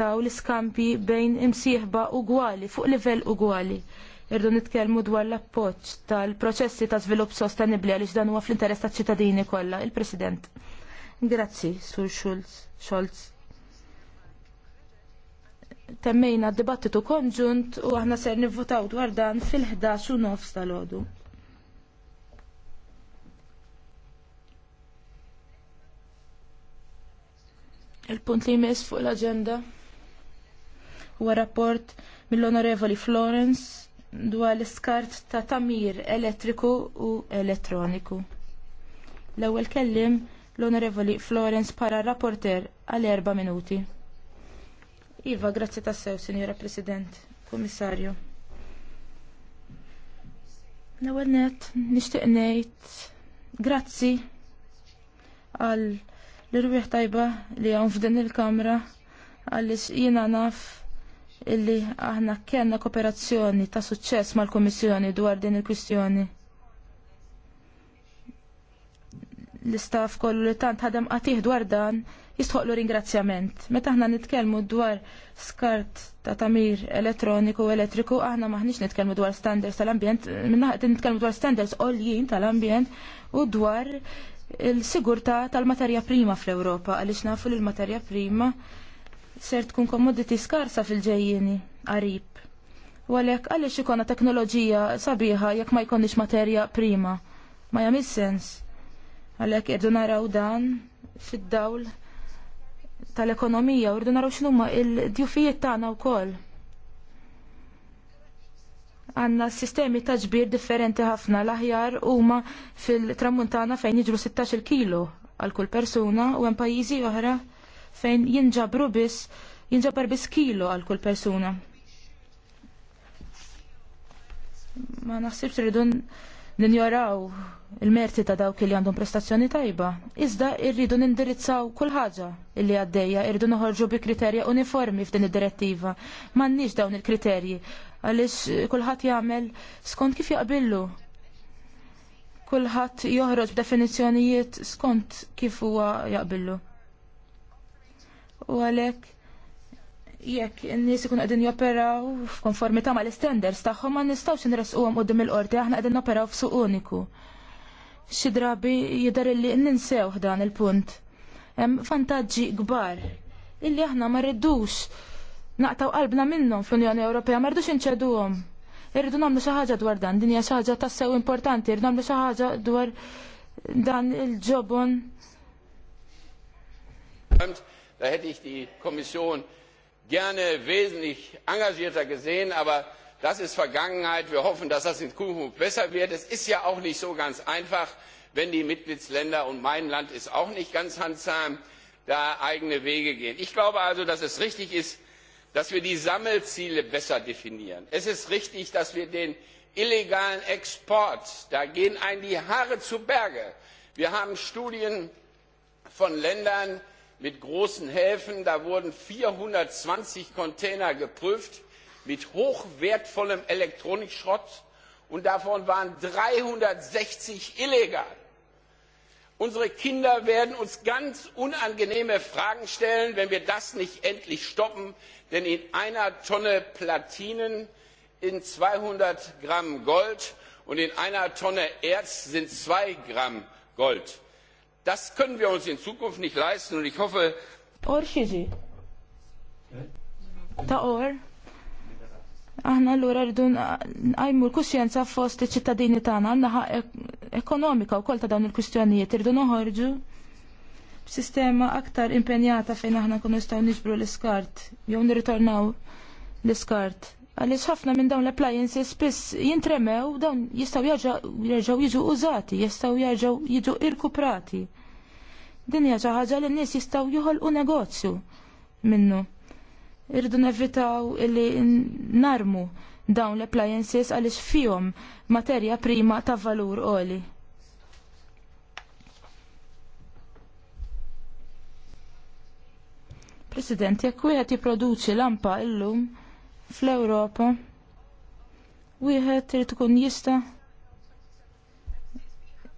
taw l-iskampi bejn imsieħba ugwali fuq livell ugwali. Irdu nitkellmu dwar l-appoġġ tal-proċessi ta' żvilupp sostenibbli għaliex dan huwa fl-interess taċ-ċittadini kollha, il-President. Grazzi, Sur Schulz. Scholz. Temmejna d-dibattitu konġunt u aħna ser nivvotaw dwar dan fil-11 u nofs tal ħodu Il-punt li jmiss fuq l-agenda huwa rapport mill-Onorevoli Florence dwar l-iskart ta' tamir elettriku u elettroniku. L-ewwel kellim l-Onorevoli Florence para rapporter għal erba minuti. Iva, grazzi ta' sew, Sinjora President, Komissarju. L-ewwel net nixtieq ngħid grazzi għal l-irwieħ tajba li hawn f'din il-kamra għaliex jiena naf illi aħna kellna kooperazzjoni ta' suċċess mal-Komissjoni dwar din il-kwistjoni. L-istaff kollu li tant ħadem qatih dwar dan jistħoqlu ringrazzjament. Meta aħna nitkellmu dwar skart ta' tamir elettroniku u elettriku, aħna maħniex nitkellmu dwar standards tal-ambjent, minnaħat nitkellmu dwar standards għoljien tal-ambjent u dwar il-sigurta tal-materja prima fl-Ewropa, għaliex nafu li l-materja prima ser tkun komoditi skarsa fil-ġejjini qarib. U għalhekk għaliex ikona teknoloġija sabiħa jekk ma jkonix materja prima. Ma jagħmilx sens. Għalhekk irdu naraw dan fid-dawl tal-ekonomija u rridu naraw xnumma il-djufijiet tagħna wkoll. Għanna sistemi ta' ġbir differenti ħafna l-aħjar huma fil-tramuntana fejn jiġru 16 kilo għal kull persuna u hemm pajjiżi oħra fejn jinġabru biss jinġabar biss kilo għal kull persuna. Ma naħsibx rridu ninjoraw il-merti ta' dawk li għandhom prestazzjoni tajba. Iżda irridu nindirizzaw kull ħaġa illi għaddejja, irridu noħorġu bi kriterja uniformi f'din id-direttiva. M'għandniex dawn il-kriterji għaliex kulħadd jagħmel skont kif jaqbillu kulħadd joħroġ b'definizzjonijiet skont kif huwa jaqbillu u għalek jekk n-nies ikun qegħdin joperaw f'konformità l istenders tagħhom ma nistgħux nresquhom qudiem il-qorti aħna qegħdin noperaw f'suq uniku. Xi drabi jidher li ninsew dan il-punt. Hemm vantaġġi kbar illi aħna ma rridux naqtaw qalbna minnhom fl-Unjoni Ewropea ma rridux inċeduhom. Irridu nagħmlu xi ħaġa dwar dan, din hija xi ħaġa tassew importanti, irridu nagħmlu xi ħaġa dwar dan il-ġobon. Da hätte ich die Kommission gerne wesentlich engagierter gesehen, aber das ist Vergangenheit. Wir hoffen, dass das in Zukunft besser wird. Es ist ja auch nicht so ganz einfach, wenn die Mitgliedstaaten und mein Land ist auch nicht ganz handsam, da eigene Wege gehen. Ich glaube also, dass es richtig ist, dass wir die Sammelziele besser definieren. Es ist richtig, dass wir den illegalen Export, da gehen einem die Haare zu Berge. Wir haben Studien von Ländern, mit großen Häfen. Da wurden 420 Container geprüft mit hochwertvollem Elektronikschrott und davon waren 360 illegal. Unsere Kinder werden uns ganz unangenehme Fragen stellen, wenn wir das nicht endlich stoppen, denn in einer Tonne Platinen, in 200 Gramm Gold und in einer Tonne Erz sind zwei Gramm Gold. Das können wir uns in Zukunft nicht leisten und ich hoffe. Or xiġi. Ta' or. Aħna l-ura rridu nqajmu l-kuxjenza fost iċ-ċittadini tagħna għandna e- ekonomika wkoll ta' dawn il-kwistjonijiet irridu noħorġu b'sistema aktar impenjata fejn aħna nkunu nistgħu niġbru l-iskart jew nirritornaw l-iskart. Għaliex ħafna minn dawn l-appliances spiss jintremew dawn jistgħu jerġgħu jiġu użati, jistgħu jerġgħu jiġu irkuprati. Din hija xi ħaġa li n-nies jistgħu joħolqu negozju minnu. Irridu nevitaw li narmu dawn l-appliances għaliex fihom materja prima ta' valur għoli. President, jekk wieħed jipproduċi lampa illum fl-Ewropa, wieħed irid ikun jista'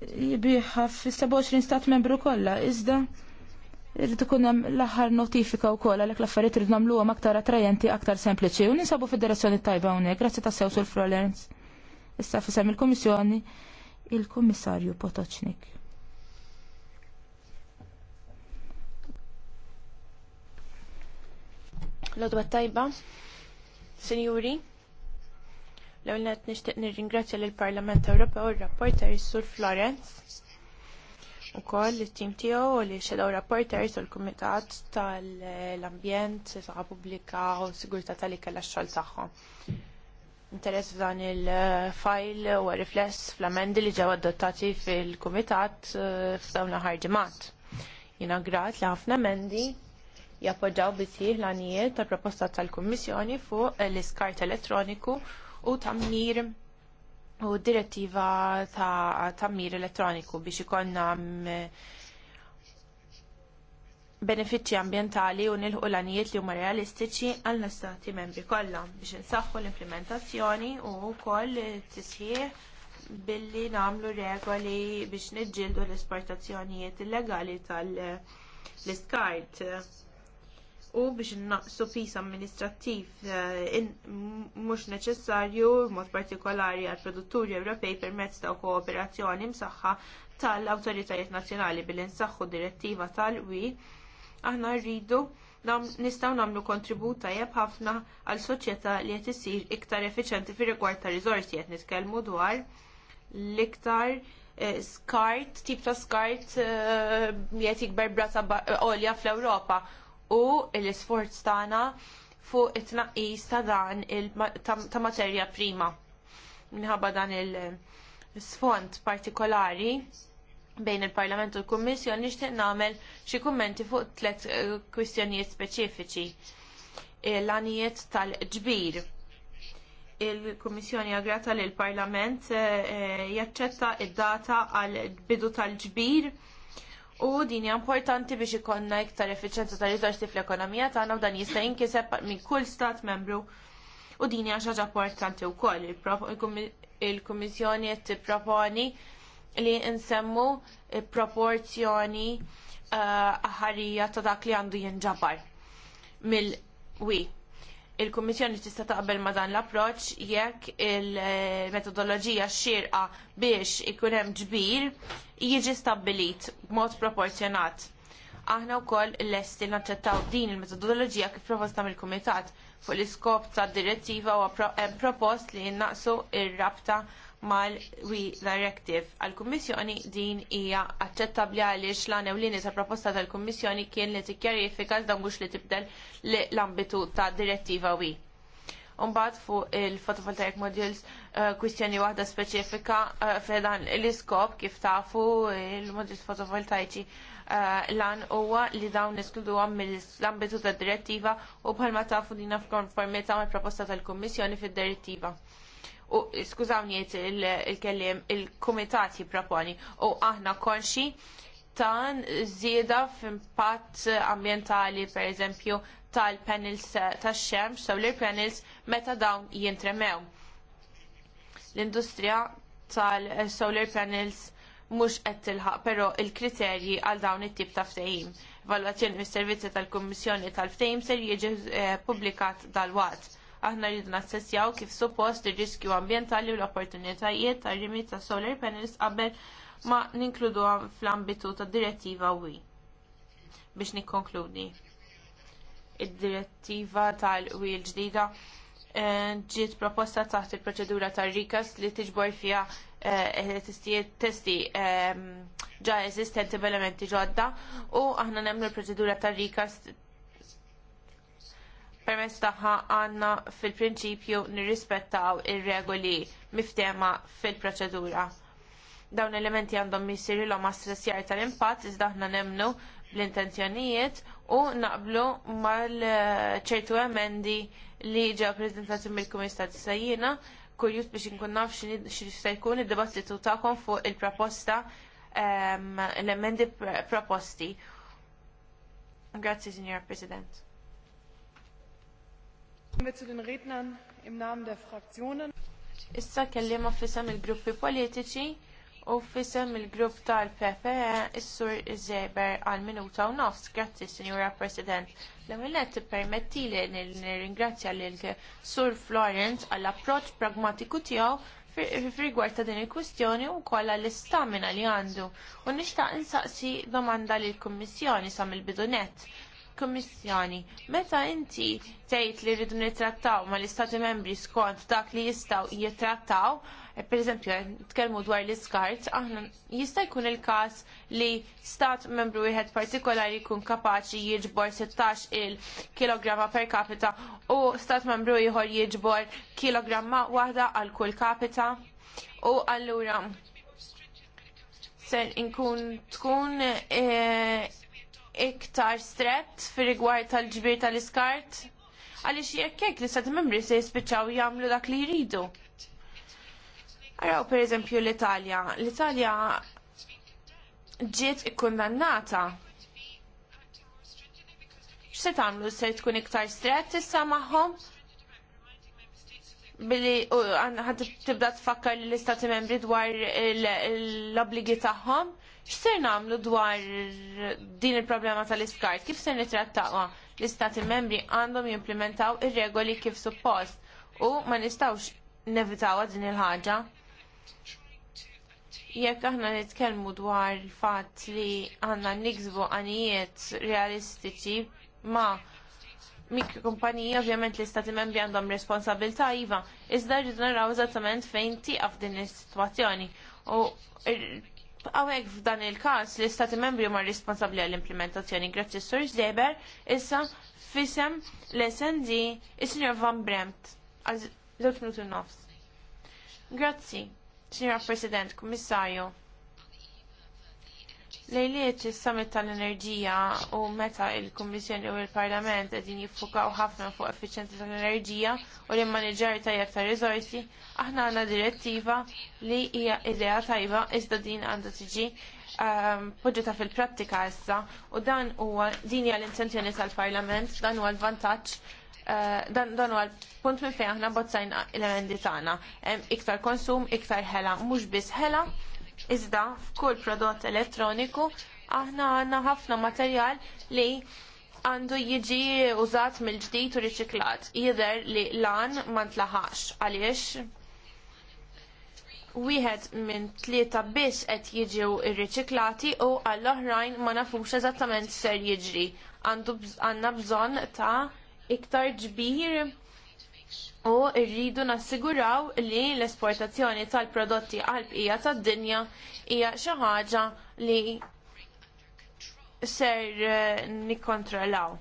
jibiħa f-27 stat membru kollha, iżda irrid ikun hemm l-aħħar notifika wkoll għalhekk l-affarijiet irid nagħmluhom aktar attrajenti, aktar sempliċi u ninsabu fid-direzzjoni tajba hawnhekk. Grazzi ta' sew sul frolerns. Issa fisem il-Kummissjoni il-Kummissarju Potoċnik. Lodwa tajba, Sinjuri, L-għunet nishtiq nir-ringrazzja l-Parlament Ewropew u r-rapporter Sur Florence u koll il-tim tiegħu u li xedaw rapporters u l-Kumitat tal-Ambjent, Saħħa Pubblika u Sigurtà tal kellha x-xogħol tagħhom. Interess f'dan il-fajl u rifless fl-amendi li ġew adottati fil-Kumitat eh, f'dawn l-aħħar ġimgħat. Jiena grat li ħafna emendi jappoġġaw bisih l-għanijiet tal proposta tal-Kummissjoni fuq l-iskart elettroniku u tammir u direttiva ta' tammir elettroniku biex ikonna mm, benefiċċji ambjentali u nilħu l-anijiet li huma realistiċi għall stati membri kollha biex insaħħu l-implementazzjoni u wkoll tisħiħ billi nagħmlu regoli biex niġġieldu l-esportazzjonijiet illegali tal listkart u biex naqsu pis amministrattiv eh, mhux neċessarju mod partikolari għall produtturi Ewropej permezz ta' kooperazzjoni msaħħa tal-awtoritajiet nazzjonali bil-insaħħu direttiva tal-wi aħna rridu nistgħu nagħmlu kontribut tajjeb ħafna għal soċjetà li qed issir iktar effiċjenti fir-rigward ta' riżorsi qed nitkellmu dwar l-iktar eh, skart, tip ta' skart eh, li qed jikber brata olja fl-Ewropa u l-isforz tagħna fuq it-tnaqqis ta' dan ta' materja prima. Minħabba dan il-sfond partikolari bejn il-Parlament u l-Kummissjoni nixtieq nagħmel xi kummenti fuq tliet eh, kwistjonijiet speċifiċi. L-għanijiet tal-ġbir il-Kummissjoni aggrata li l-Parlament eh, eh, jaċċetta id-data għal bidu tal-ġbir U din hija importanti biex ikonna iktar effiċenza ta' riżorsi fl-ekonomija tagħna u dan jista' jinkiseb minn kull stat membru. U din hija xi ħaġa importanti wkoll. Il-Kummissjoni qed tipproponi li nsemmu proporzjoni eh, aħarija ta' dak li għandu jinġabar mill-wi il-Kummissjoni tista' taqbel ma dan l-approċċ jekk il-metodoloġija xirqa biex ikun hemm ġbir jiġi stabbilit b'mod proporzjonat. Aħna wkoll lesti naċċettaw din il-metodoloġija kif proposta mill-Kumitat fuq l-iskop tad direttiva u hemm propost li jinnaqsu ir-rabta mal-We Directive. Għal-Kummissjoni din hija aċċettabbli għaliex l-għanewlini ta' proposta tal-Kummissjoni kien li tikkjarifika dan mhux li tibdel l-ambitu ta' direttiva WI. Umbat fuq il-photovoltaic modules eh, kwistjoni waħda speċifika eh, fedan l-iskop kif tafu il-modules fotovoltaiċi eh, lan huwa li dawn niskludu għam mill-ambitu ta' direttiva u bħalma tafu dina f'konformità mal proposta tal-Kommissjoni fid-direttiva u skużawni il-kellim il-komitat jipproponi u aħna konxi tan zieda f'impatt ambjentali pereżempju tal-panels tax-xemx, solar panels meta dawn jintremew. L-industrija tal-solar panels mhux qed tilħaq però l kriterji għal dawn it-tip ta' ftehim. Evalwazzjoni mis-servizzi tal-Kummissjoni tal-ftehim ser jiġi eh, dal-waqt aħna rridu nassessjaw kif suppost ir-riskju ambjentali u l-opportunitajiet ta' rimi ta' solar panels qabel ma ninkludu fl-ambitu tad direttiva wi. Biex nikkonkludi. Id-direttiva tal-wi l-ġdida eh, ġiet proposta taħt il-proċedura tar rikas li tiġbor fiha eh, testi eh, ġa eżistenti b'elementi ġodda u aħna nemmu l-proċedura ta' rikas permezz tagħha għandna fil-prinċipju nirrispettaw ir-regoli miftema fil-proċedura. Dawn elementi għandhom jisiru l stressjar tal-impatt iżda aħna nemnu l-intenzjonijiet u naqblu mal-ċertu emendi li ġew prezentati mill-Kumistat Sajjina kurjus biex nkun naf xi jkun id-dibattitu tagħkom fuq il-proposta ehm, l-emendi proposti. Grazzi, Signor President. Issa kellima fissam il-gruppi politiċi u fissam il-grupp tal-PPE is-sur Zeber għal minuta u nofs. Grazzi, Signora President. L-għamillet permetti li nirringrazzja l-sur Florence għall-approċ pragmatiku tiegħu rigward ta' din il-kwistjoni u kolla l-istamina li għandu u nishtaq insaqsi domanda li l-Kommissjoni sam il-bidunet Kummissjoni, meta inti tgħid li rridu nittrattaw mal istati membri skont dak li jistgħu jittrattaw, e, pereżempju tkellmu dwar l-iskart, aħna jista' jkun il-każ li stat membru wieħed partikolari jkun kapaċi jiġbor 16 il-kilogramma per capita u stat membru ieħor jiġbor kilogramma waħda għal kull capita. U allura se inkun tkun e, iktar strett fir rigward tal-ġbir tal-iskart għaliex jekk hekk l-istati membri se jispiċċaw jagħmlu dak li jridu. Araw pereżempju l-Italja. L-Italja ġiet ikkundannata. X'se tagħmlu se tkun iktar strett issa magħhom? billi għan tibda tfakkar l-istati membri dwar l-obligi tagħhom X'ser nagħmlu dwar din il-problema tal-iskart? Kif ser nitrattawa? L-istati membri għandhom jimplementaw ir-regoli kif suppost u ma nistgħux nevitawha din il-ħaġa. Jekk aħna nitkellmu dwar il-fatt li għandna niksbu għanijiet realistiċi ma' mikrokumpaniji ovvjament l-istati membri għandhom responsabilta iva, iżda rridu naraw eżattament fejn tiqaf din is-sitwazzjoni. U Għawek f'dan il-kas li stati membri huma responsabli għall-implementazzjoni grazzi Sur Zeber issa fisem l-SND il sinjor Van Bremt għal 0 nofs. Grazzi, Sinjor President, Komissarju. Lejliet is-summit tal-enerġija u meta l kummissjoni u l-Parlament qegħdin jiffukaw ħafna fuq effiċjenza tal-enerġija u l-immaniġġar tajjeb ta' riżorsi, aħna għandna direttiva li hija idea tajba iżda din għandha tiġi ehm, poġġeta fil-prattika issa u dan huwa din hija l-intenzjoni tal-Parlament, dan huwa l-vantaġġ eh, dan dan huwa punt minn fejn aħna bozzajna l-emendi tagħna. Iktar konsum, iktar ħela, mhux biss ħela, Iżda f'kull prodott elettroniku aħna għandna ħafna materjal li għandu jiġi użat mill-ġdid u riċiklat. Jidher li lan ma tlaħax għaliex wieħed minn tlieta biss qed jiġi rriċiklati u għall-oħrajn ma nafux eżattament ser jiġri. Għandu għandna bżonn ta' iktar ġbir u rridu nassiguraw li l-esportazzjoni tal-prodotti għal bqija tad-dinja hija xi ħaġa li ser eh, nikkontrollaw.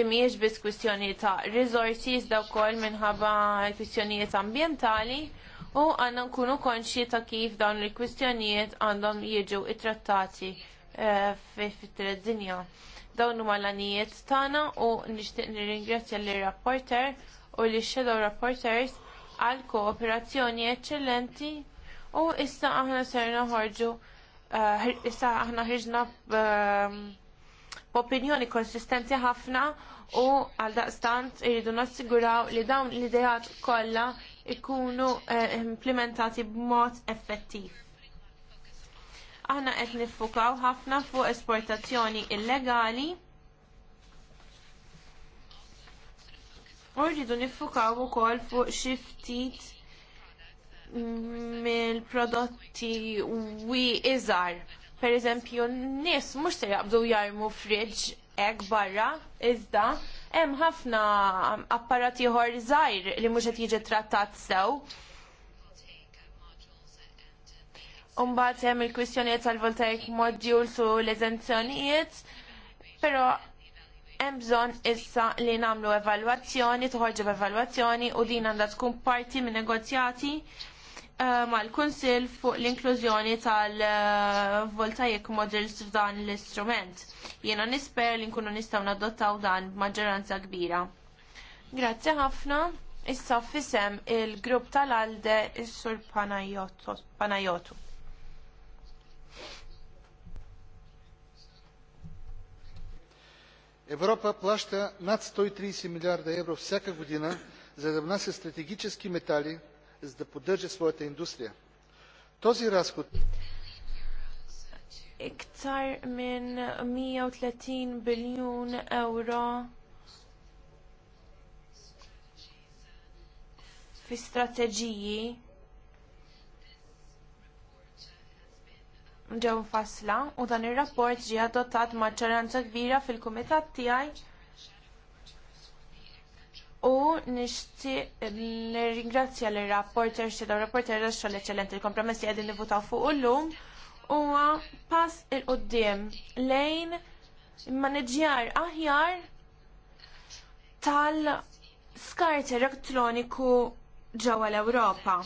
Dimiex biss kwistjoni ta' resources da kol minħabba kwistjonijiet ambientali u għanna nkunu konxi ta' kif dawn il-kwistjonijiet għandhom jieġu it-trattati eh, fit-tred dinja. Dawn huma l-anijiet tagħna u nixtieq nirringrazzja lir rapporter u li shadow rapporters għal kooperazzjoni eċċellenti u issa aħna ser noħorġu eh, issa aħna ħirġna b'opinjoni konsistenti ħafna u għal daqstant irridu nassiguraw li dawn l-idejat kollha ikunu eh, implementati b'mod effettiv. Aħna qed niffukaw ħafna fuq esportazzjoni illegali. U rridu niffukaw ukoll fuq xi ftit mill-prodotti wi iżar. Per eżempju, nies mhux se jaqbdu jarmu friġġ hekk barra, iżda hemm ħafna apparati ieħor żgħir li mhux qed jiġi trattat sew Umbat hemm il-kwistjonijiet tal-voltaik modjul su l-eżenzjonijiet, però hemm bżonn issa li nagħmlu evalwazzjoni, toħorġu b'evalwazzjoni u din għandha tkun parti minn negozjati eh, mal-Kunsill fuq l-inklużjoni tal-voltaik models f'dan l-istrument. Jiena nisper li nkunu nistgħu nadottaw dan b'maġġoranza kbira. Grazzi ħafna. Issa fisem il-grupp tal-Alde is-Sur Panajotu. Европа плаща над 130 милиарда евро всяка година, за да внася стратегически метали, за да поддържа своята индустрия. Този разход iktar minn 130 biljun euro fi strateġiji ġew fasla u dan ir-rapport ġie adottat maġġoranza kbira fil-kumitat tiegħi u nixtieq nirringrazzja lir rapporter xedaw rapporter għax eċċellenti il-kompromess li qegħdin nivutaw fuq illum huwa pass il qudiem lejn maneġjar aħjar tal-skart elettroniku ġewwa l-Ewropa.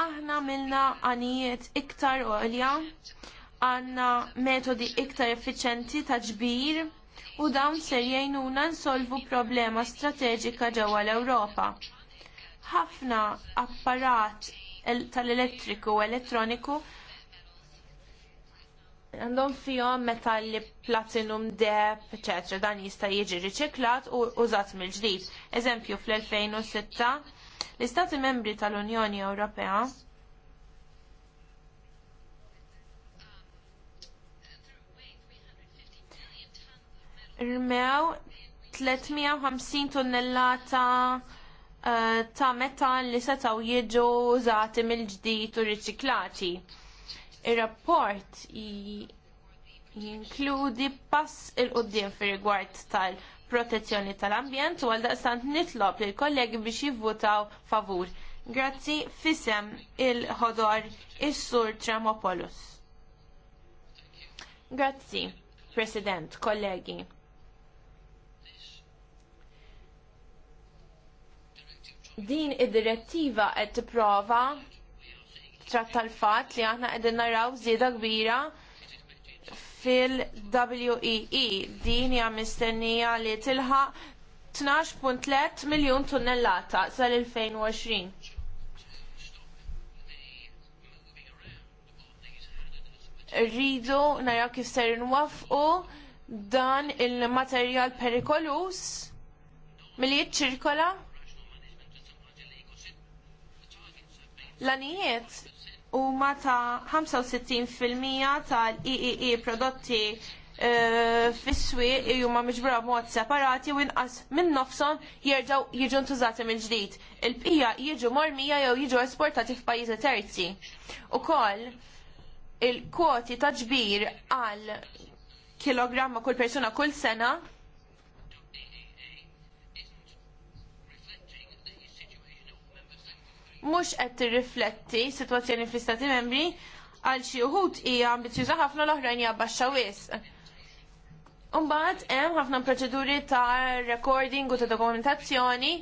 Aħna milna għanijiet iktar għolja, għanna metodi iktar effiċenti ta' ġbir u dawn ser jgħinuna nsolvu problema strateġika ġewwa l-Ewropa. Ħafna apparat tal-elettriku u elettroniku għandhom fihom metalli platinum deb, etc. Dan jista' jiġi riċiklat u użat mill-ġdid. Eżempju fl-2006 L-Istati membri tal-Unjoni Ewropea rmew 350 tonnellata uh, ta' metan li setaw jiġu użati mill-ġdid u riċiklati. Ir-rapport jinkludi pass il-qoddim fir rigward tal- protezzjoni tal-ambjent u daqstant nitlob lill kollegi biex jivvotaw favur. Grazzi fisem il-ħodor is-sur Tremopoulos. Grazzi, President, kollegi. Din id-direttiva qed tipprova tratta l-fatt li aħna qegħdin naraw żieda kbira fil-WEE. E. Din hija mistennija li tilħaq 12.3 miljun tunnellata sal-2020. Rridu naraw kif ser nwafqu dan il-materjal perikolus milli jiċċirkola l-anijiet huma ta' 65% tal-EEE e prodotti eh, fis-swieq huma miġbura b'mod separati u inqas minn nofshom jerġgħu jiġu ntużati mill-ġdid. Il-bqija jiġu mormija jew jiġu esportati f'pajjiżi terzi. Ukoll il-kwoti ta' għal kilogramma kull persuna kull sena mhux qed tirrifletti sitwazzjoni fl-Istati Membri għal xi wħud hija ambizjuża ħafna l-oħrajn hija wisq. Umbagħad hemm ħafna proċeduri ta' recording u ta' dokumentazzjoni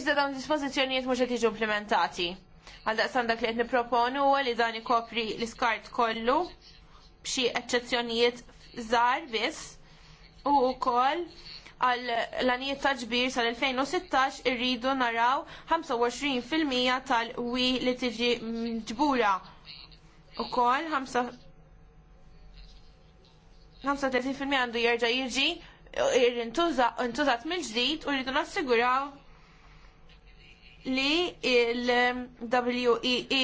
iżda dawn dispożizzjonijiet mhux qed jiġu implementati. Għal daqstan dak li qed nipproponu huwa li dan ikopri l-iskart kollu b'xi eċċezzjonijiet żgħar biss u wkoll għal l-anijiet ta' ġbir sal-2016 irridu naraw 25% tal-wi li tiġi ġbura. U kol 35% għandu jirġa jirġi irrintużat mill-ġdid u rridu nassiguraw li il-WEE e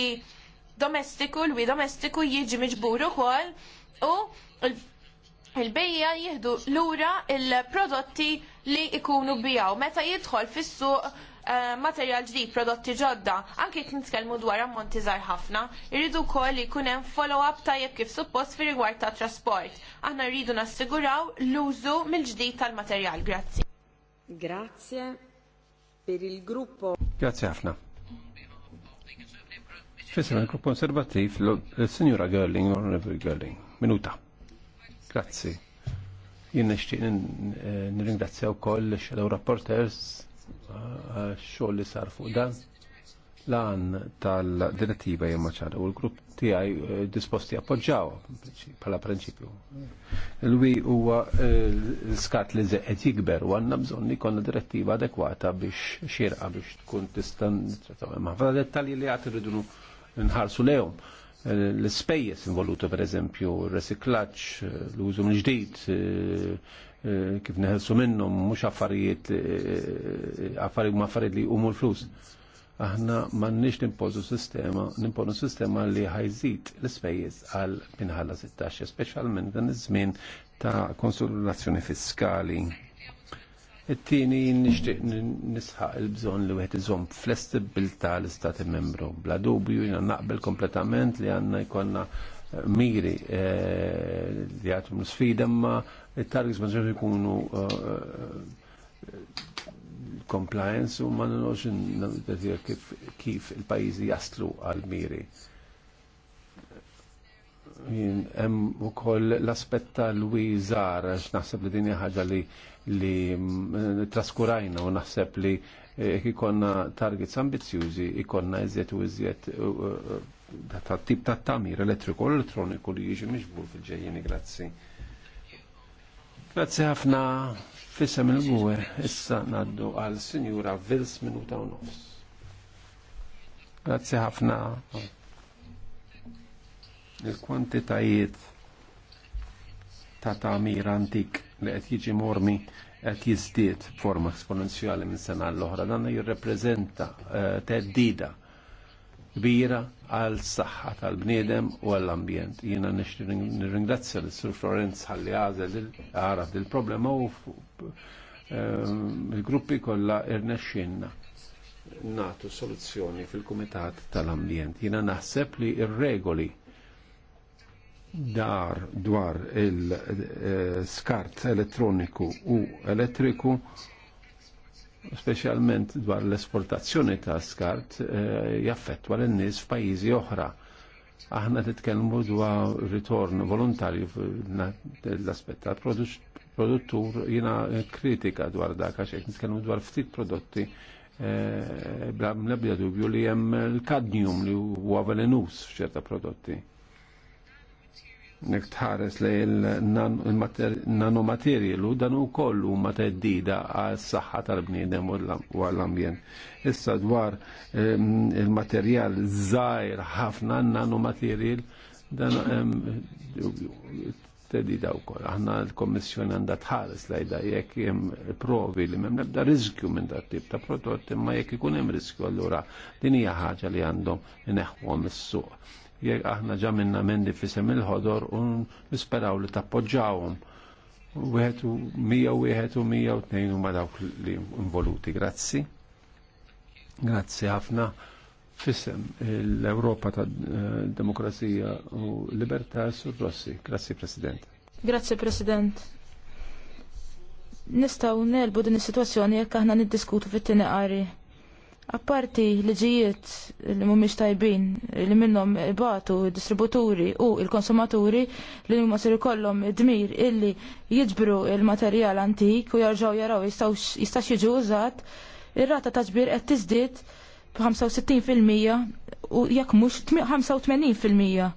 domestiku, l-wi domestiku jiġi miġbur u kol u il-bejja jihdu lura il-prodotti li ikunu bijaw. Meta jidħol fis-suq eh, materjal ġdid, prodotti ġodda, anke qed nitkellmu dwar ammonti żgħar ħafna, irridu wkoll li jkun hemm follow-up tajjeb kif suppost fi rigward ta' trasport. Aħna rridu nassiguraw l-użu mill-ġdid tal-materjal. Grazzi. Grazie per il gruppo. Grazie ħafna. Fissina il-grupp konservativ, l-Signora eh, Görling, l-Onorevole Görling. Minuta. Grazzi. Jien nixtieq nirringrazzja wkoll shadow rapporters eh, għax-xogħol li sar fuq dan lan tal-direttiva jemma ċara u l-grupp tiegħi eh, disposti appoġġaw bħala prinċipju. Lwi huwa eh, l-skat li zeqet jikber u għandna bżonn ikollna direttiva adekwata biex xirqa biex tkun tista' ma' dettalji li għad irridu nħarsu lehom l-spejjes involuta per eżempju, resiklaċ, l-użu mill-ġdid, eh, eh, kif neħelsu minnhom mhux affarijiet eh, affarijiet ma affarijiet li umu l-flus. Aħna m'għandniex nimpożu sistema, nimponu sistema li ħajżid l-ispejjeż għal minħalla 16, specialment dan iż-żmien ta' konsolidazzjoni fiskali It-tieni nixtieq nisħaq il-bżonn li wieħed iżomm flessibilità l-Istati membru. Bla dubju jiena naqbel kompletament li għandna jkollna eh, miri eh, li għatum sfida ma il targis ma ġemx ikunu eh, compliance u ma nħoċ kif il-pajizi jaslu għal-miri. u koll l aspetta l wizar għax naħseb li dinja ħagġa li li eh, traskurajna u naħseb li eh, ikonna targets ambizjużi ikonna iżjed u iżjed eh, ta' tip ta' tamir elettriku u elettroniku li jiġi miġbur fil-ġejjeni, grazzi. Grazzi ħafna fissem il-gwe, issa naddu għal Sinjura Vils minuta u nofs. Grazzi ħafna. Il-kwantitajiet ta' tagħmir antik li qed jiġi mormi qed jiżdied b'forma esponenzjali minn sena l-oħra. Dan jirrepreżenta eh, teddida kbira għal saħħa tal-bniedem u għall-ambjent. Jiena nirringrazzja l sur Florenz ħalli għażel għaraf il problema u eh, il-gruppi kollha irnexxinna natu soluzzjoni fil-Kumitat tal-Ambjent. Jiena naħseb li ir-regoli dar dwar il-skart eh, elettroniku u elettriku specialment dwar l-esportazzjoni ta' skart eh, jaffettwa l-nies f'pajjiżi oħra. Aħna titkellmu dwar ritorn volontarju l-aspett ta' produttur jina kritika dwar dak għax qed nitkellmu dwar ftit prodotti eh, bla mlebda dubju li hemm l-kadnium li huwa velenus f'ċerta prodotti niftħares li l-nanomaterjalu dan u kollu ma teddida għal s-saxħa tal-bniedem u għall-ambjent. Issa dwar ehm, il-materjal zaħir ħafna nanomaterjal dan ehm, teddida u koll. Aħna l komissjoni għandha tħares da jekk hemm provi li m'hemm nebda rizkju minn dat tip ta' prodotti, ma jekk ikun hemm riskju allura din hija ħaġa li għandhom ineħħuhom is-suq jekk aħna ġa minna mendi fisem il-ħodor u nisperaw li tappoġġawhom. Wieħed u mija wieħed u mija u tnejn huma dawk li involuti. Grazzi. Grazzi ħafna Fisem l-Europa ta' demokrazija u libertà sur Rossi. Grazzi President. Grazzi President. Nistaw nelbu din is-sitwazzjoni jekk aħna niddiskutu fit-tieni qari Apparti liġijiet li mhumiex tajbin li minnhom batu distributuri u il-konsumaturi li huma ser ikollhom dmir illi jiġbru il-materjal antik u jarġgħu jaraw jistax jiġu użat, ir-rata ta' ġbir qed tiżdied b'65% u jekk mhux 85%.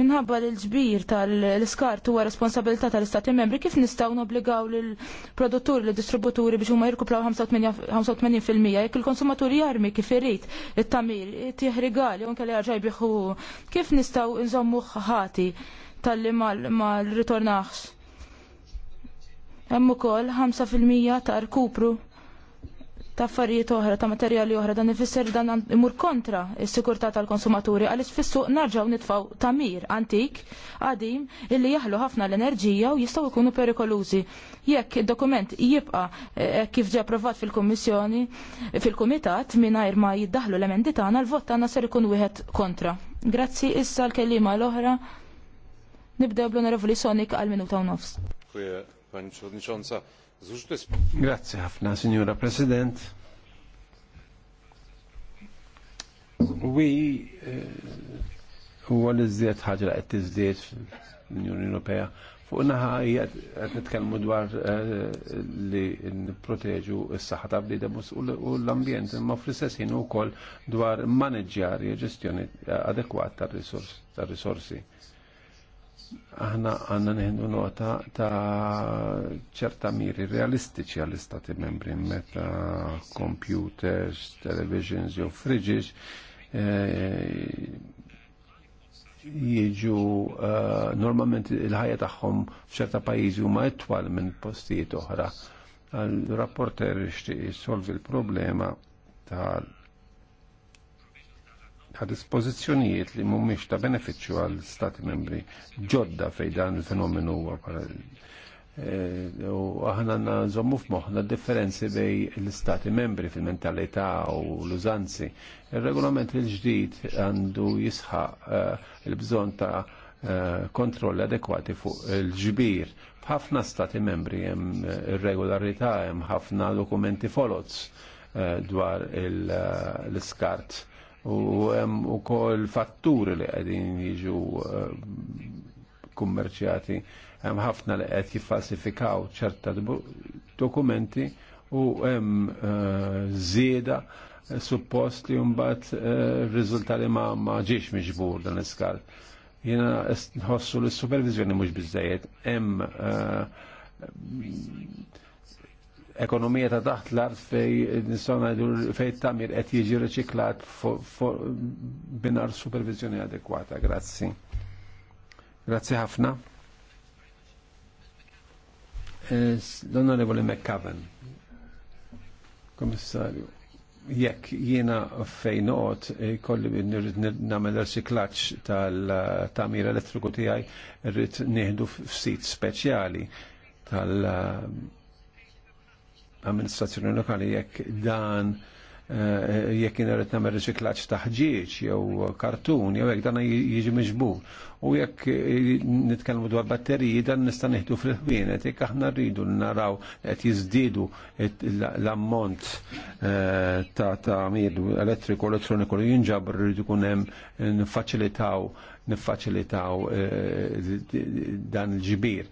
Minħabba l ġbir tal-iskart huwa responsabilità tal-Istati membri kif nistgħu nobligaw l produtturi l distributuri biex huma jirkupraw 85% jekk il-konsumaturi jarmi kif irid it-tamir tieħ rigali unke li għarġaj biħu, kif nistgħu nżommu ħati tal-li ma rritornax. Hemm ukoll 5% ta' rkupru ta' affarijiet oħra, ta' materjali oħra, dan ifisser dan imur kontra s sikurta tal-konsumaturi għaliex fissu narġaw nitfaw tamir antik għadim, illi jaħlu ħafna l-enerġija u jistgħu jkunu perikolużi. Jekk id-dokument jibqa' eh, kif ġie approvat fil-Kummissjoni fil-Kumitat mingħajr ma jiddaħlu l-emendi tagħna l-vot tagħna ser ikun wieħed kontra. Grazzi issa l-kelliema l-oħra. Nibdew bl-Onorevoli Sonik għal minuta u nofs. Grazie ħafna, Signora President. Wi eh, huwa li żdied ħaġa li qed tiżdied unjoni Ewropea. Fuq naħa qed nitkellmu dwar eh, li nipproteġu s-saħħa ta' bliedem u l-ambjent, imma fl-istess ħin ukoll dwar maneġġjarja ġestjoni adekwat tar-risorsi aħna għanna neħdu nota ta' ċerta miri realistiċi għall-istati membri meta computers, televisions jew fridges eh, jieġu eh, normalment il-ħajja tagħhom f'ċerta pajjiżi huma itwal minn postijiet oħra. Għal-rapporter jixtieq jissolvi l-problema tal ta' dispozizjonijiet li mhumiex ta' benefiċċju għal stati membri ġodda fej dan il-fenomenu huwa eh, u aħna nżommu f'moħħna differenzi bej l-istati membri fil-mentalità u l-użanzi. Il-regolament il-ġdid għandu jisħaq eh, il-bżon ta' eh, kontroll adekwati fuq il-ġbir. B'ħafna stati membri hemm irregolarità, hemm ħafna dokumenti folots dwar l-iskart u hemm ukoll fatturi li qegħdin jiġu eh, kummerċjati hemm ħafna li qed jiffalsifikaw ċerta dokumenti u hemm eh, żieda suppost li mbagħad eh, riżulta li ma ġiex miġbur dan iskall. Jiena nħossu li s-supervizjoni mhux biżejjed hemm ekonomija ta' taħt l-art fej nisona fej tamir qed jiġi reċiklat binar supervizjoni adekwata. Grazzi. Grazzi ħafna. L-Onorevole McCaven, Komissarju, jekk jiena fejnot e, kolli namel resiklaċ tal-tamir elettriku tijaj rrit nieħdu f-sit speċjali tal- amministrazzjoni lokali jekk dan eh, jekk jina irid nagħmel riċiklaġġ ta' ħġieġ jew kartun jew jekk dan jiġi miġbur. U jekk eh, nitkellmu dwar batteriji dan nista' neħdu fil-ħwienet jekk aħna rridu naraw qed jiżdiedu l-ammont eh, ta' ta' miedu elettriku elettroniku li jinġabru rridu jkun hemm niffaċilitaw niffaċilitaw dan il-ġbir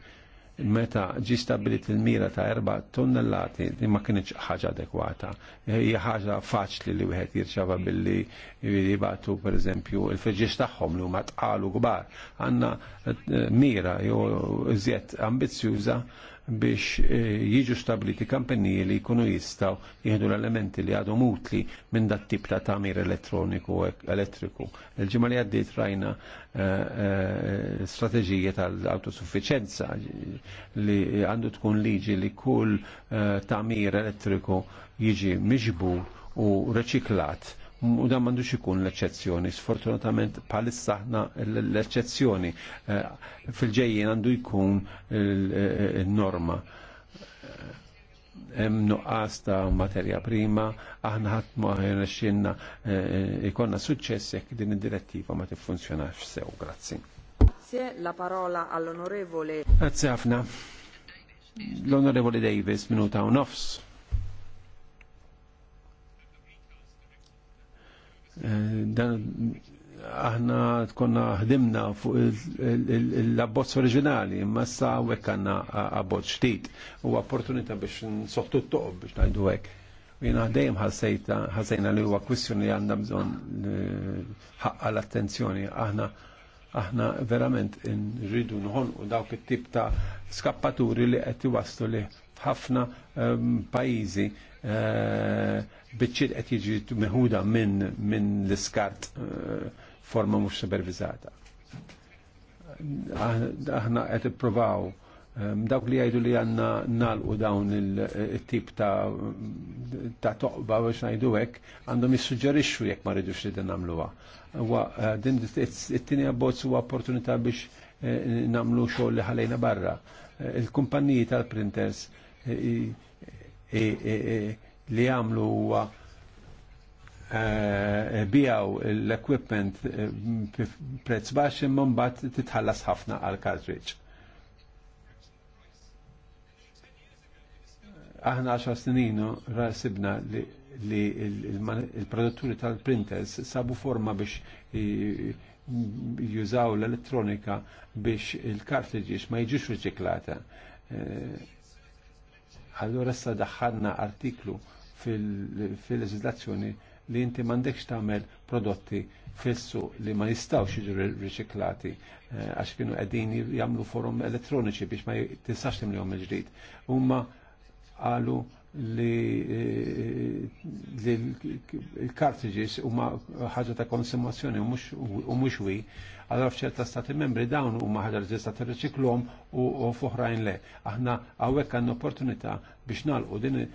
meta ġi stabilit il-mira ta' erba' tonnellati li ma kienx ħaġa adekwata. Hija ħaġa faċli li wieħed jirċava billi jibatu per eżempju il feġġiex tagħhom li huma tqalu kbar. Għandna eh, mira jew iżjed ambizzjuża biex eh, jiġu stabliti kampanji li jkunu jistaw jihdu l-elementi li għadhom utli minn dat tip ta' tamir elettroniku elettriku. Il-ġimma li għaddit rajna eh, eh, strateġija tal autosufficienza li għandu tkun liġi li kull tamir elettriku jiġi miġbu u reċiklat u dan m'għandux ikun l-eċċezzjoni. Sfortunatament palissa aħna l-eċċezzjoni eh, fil-ġejjien għandu jkun il-norma. Hemm nuqqas ta' materja prima, aħna ħadd ma xinna eh, ikonna suċċess jekk din id-direttiva ma tiffunzjonax sew. Grazzi. La parola all'onorevole. Grazie Afna. Lonorevole Davis minuta un-offs. Dan aħna tkonna ħdimna fuq l-abbozz oriġinali, imma sa hekk għandna abbozz ġdid. U opportunità biex nsottu t-toqob biex ngħidu hekk. Jena dejjem ħasejna li huwa kwistjoni li għandha bżonn ħaqqa l-attenzjoni. Aħna aħna verament nridu nħonqu dawk it-tip ta' skappaturi li qed iwasslu li ħafna ehm, pajjiżi eh, biċċiet qed jiġi meħuda minn min l-iskart eh, forma mhux supervizata. Ah, aħna qed ippruvaw eh, dawk li jgħidu li għanna nalqu dawn il-tip eh, ta' ta' toqba biex ngħidu hekk għandhom jissuġġerixxu jekk ma rridux li din nagħmluha. Din it-tieni abbozz huwa opportunità biex namlu xogħol li ħalejna barra. Il-kumpaniji tal-printers li għamlu huwa eh, bijaw l-equipment eh, prezz baxx imma mbagħad titħallas ħafna għal kartriċ. Aħna 10 snin rasibna li li il-produtturi tal-printers sabu forma biex jużaw l-elettronika biex il-kartliġiex ma jiġux riċiklata. Eh, allora sa daħħanna artiklu fil-leġislazzjoni li inti mandekx tagħmel prodotti fissu li ma jistawx jiġu riċiklati eh, għax kienu qegħdin jagħmlu forum elettroniċi biex ma tistax timlihom il-ġdid. Umma għalu Eh, li l-cartridges huma ħaġa ta' konsumazzjoni u mhux wi, allora f'ċerta stati membri dawn huma ħaġa li tista' tirriċiklhom u f'oħrajn le. Aħna hawnhekk għandna opportunità biex nagħlqu eh,